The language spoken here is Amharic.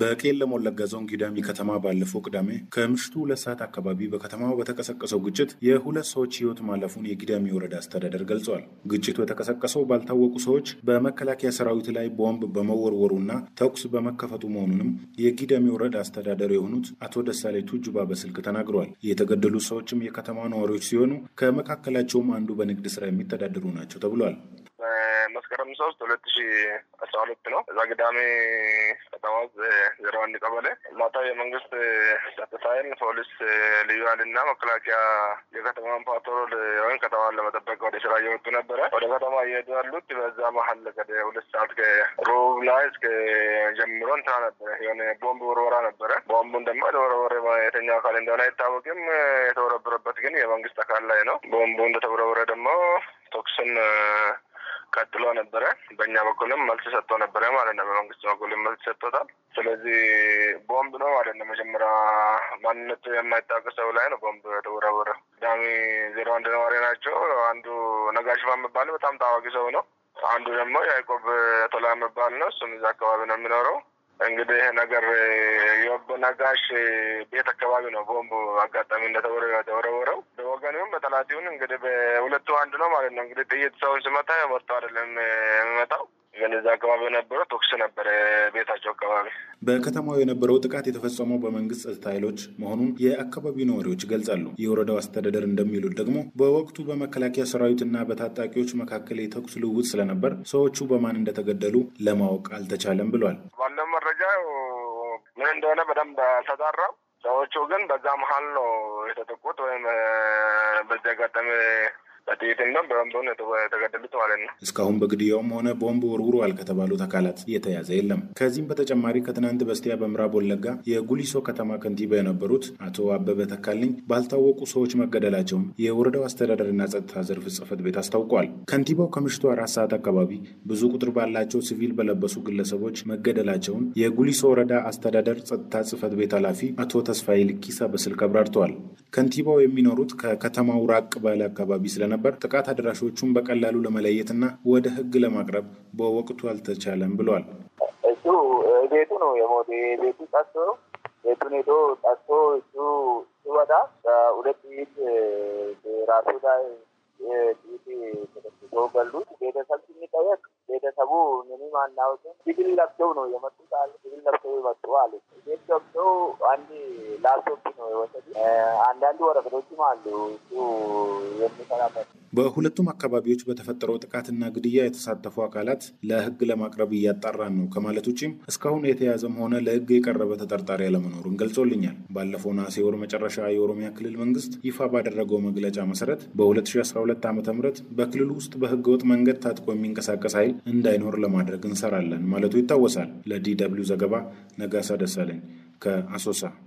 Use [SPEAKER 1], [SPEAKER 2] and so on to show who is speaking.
[SPEAKER 1] በቄለም ወለጋ ዞን ጊዳሚ ከተማ ባለፈው ቅዳሜ ከምሽቱ ሁለት ሰዓት አካባቢ በከተማው በተቀሰቀሰው ግጭት የሁለት ሰዎች ሕይወት ማለፉን የጊዳሚ ወረዳ አስተዳደር ገልጿል። ግጭቱ የተቀሰቀሰው ባልታወቁ ሰዎች በመከላከያ ሰራዊት ላይ ቦምብ በመወርወሩና ተኩስ በመከፈቱ መሆኑንም የጊዳሚ ወረዳ አስተዳደር የሆኑት አቶ ደሳሌ ቱጁባ በስልክ ተናግረዋል። የተገደሉ ሰዎችም የከተማ ነዋሪዎች ሲሆኑ ከመካከላቸውም አንዱ በንግድ ስራ የሚተዳደሩ ናቸው ተብሏል።
[SPEAKER 2] መስከረም ሶስት ሁለት ሺ አስራ ሁለት ነው። እዛ ግዳሜ ከተማ ውስጥ ዜሮ አንድ ቀበሌ ማታ የመንግስት ጸጥታ ኃይል ፖሊስ፣ ልዩ ኃይልና መከላከያ የከተማን ፓትሮል ወይም ከተማን ለመጠበቅ ወደ ስራ እየወጡ ነበረ። ወደ ከተማ እየሄዱ ያሉት በዛ መሀል ከደ ሁለት ሰዓት ከሩብ ላይ እስከ ጀምሮ እንትና ነበረ የሆነ ቦምብ ውርወራ ነበረ። ቦምቡን ደግሞ የተወረወረ የተኛው አካል እንደሆነ አይታወቅም። የተወረበረበት ግን የመንግስት አካል ላይ ነው። ቦምቡ እንደተወረወረ ደግሞ ተኩስን ቀጥሎ ነበረ። በእኛ በኩልም መልስ ሰጥቶ ነበረ ማለት ነው። በመንግስት በኩልም መልስ ሰጥቶታል። ስለዚህ ቦምብ ነው ማለት ነው። መጀመሪያ ማንነቱ የማይታወቅ ሰው ላይ ነው ቦምብ የተወረወረ። ቅዳሜ ዜሮ አንድ ነዋሪ ናቸው። አንዱ ነጋሽፋ የምባል በጣም ታዋቂ ሰው ነው። አንዱ ደግሞ ያዕቆብ ቶላ የምባል ነው። እሱም እዛ አካባቢ ነው የሚኖረው። እንግዲህ ይህ ነገር የወቦ ነጋሽ ቤት አካባቢ ነው ቦምብ አጋጣሚ እንደተወረወረው በቀን ይሁን በጠላት ይሁን እንግዲህ በሁለቱ አንድ ነው ማለት ነው። እንግዲህ ጥይት ሰውን ስመታ መርቶ አይደለም የሚመጣው ግን እዛ አካባቢ የነበረው ተኩስ ነበረ ቤታቸው አካባቢ።
[SPEAKER 1] በከተማው የነበረው ጥቃት የተፈጸመው በመንግስት ጸጥታ ኃይሎች መሆኑን የአካባቢው ነዋሪዎች ይገልጻሉ። የወረዳው አስተዳደር እንደሚሉት ደግሞ በወቅቱ በመከላከያ ሰራዊትና በታጣቂዎች መካከል የተኩስ ልውውጥ ስለነበር ሰዎቹ በማን እንደተገደሉ ለማወቅ አልተቻለም ብሏል። ባለው
[SPEAKER 2] መረጃ ምን እንደሆነ በደንብ አልተጣራም። ሰዎቹ ግን በዛ መሀል ነው የተጠቁት ወይም በዚህ አጋጣሚ በጥይትና በቦምብ የተገደሉት ማለት ነው።
[SPEAKER 1] እስካሁን በግድያውም ሆነ ቦምብ ወርውሯል ከተባሉት አካላት እየተያዘ የለም። ከዚህም በተጨማሪ ከትናንት በስቲያ በምዕራብ ወለጋ የጉሊሶ ከተማ ከንቲባ የነበሩት አቶ አበበ ተካልኝ ባልታወቁ ሰዎች መገደላቸውን የወረዳው አስተዳደርና ጸጥታ ዘርፍ ጽፈት ቤት አስታውቋል። ከንቲባው ከምሽቱ አራት ሰዓት አካባቢ ብዙ ቁጥር ባላቸው ሲቪል በለበሱ ግለሰቦች መገደላቸውን የጉሊሶ ወረዳ አስተዳደር ጸጥታ ጽህፈት ቤት ኃላፊ አቶ ተስፋዬ ልኪሳ በስልክ አብራርተዋል። ከንቲባው የሚኖሩት ከከተማው ራቅ ባለ አካባቢ ስለነበ ነበር። ጥቃት አድራሾቹን በቀላሉ ለመለየት ለመለየትና ወደ ህግ ለማቅረብ በወቅቱ አልተቻለም ብሏል።
[SPEAKER 2] እሱ ቤቱ ነው የሞት ቤቱ ጠቶ ቤቱን ሄዶ ጠቶ እሱ ሲወጣ በሁለት ሚት ራሱ ላይ ጥይት ተደስቶ ገሉት። ቤተሰብ ሲሚጠየቅ ቤተሰቡ ምንም አናውቅም ሲቪል ለብሰው ነው የመጡት ሲቪል ለብሰው የመጡ አሉት። አንድ ላፕቶፕ ነው የወሰዱ። አንዳንድ ወረቀቶችም አሉ እሱ የሚሰራበት።
[SPEAKER 1] በሁለቱም አካባቢዎች በተፈጠረው ጥቃትና ግድያ የተሳተፉ አካላት ለህግ ለማቅረብ እያጣራን ነው ከማለት ውጭም እስካሁን የተያዘም ሆነ ለህግ የቀረበ ተጠርጣሪ አለመኖሩን ገልጾልኛል። ባለፈው ነሐሴ ወር መጨረሻ የኦሮሚያ ክልል መንግስት ይፋ ባደረገው መግለጫ መሰረት በ2012 ዓ ም በክልሉ ውስጥ በህገ ወጥ መንገድ ታጥቆ የሚንቀሳቀስ ኃይል እንዳይኖር ለማድረግ እንሰራለን ማለቱ ይታወሳል። ለዲ ደብልዩ ዘገባ ነጋሳ ደሳለኝ ke asosia.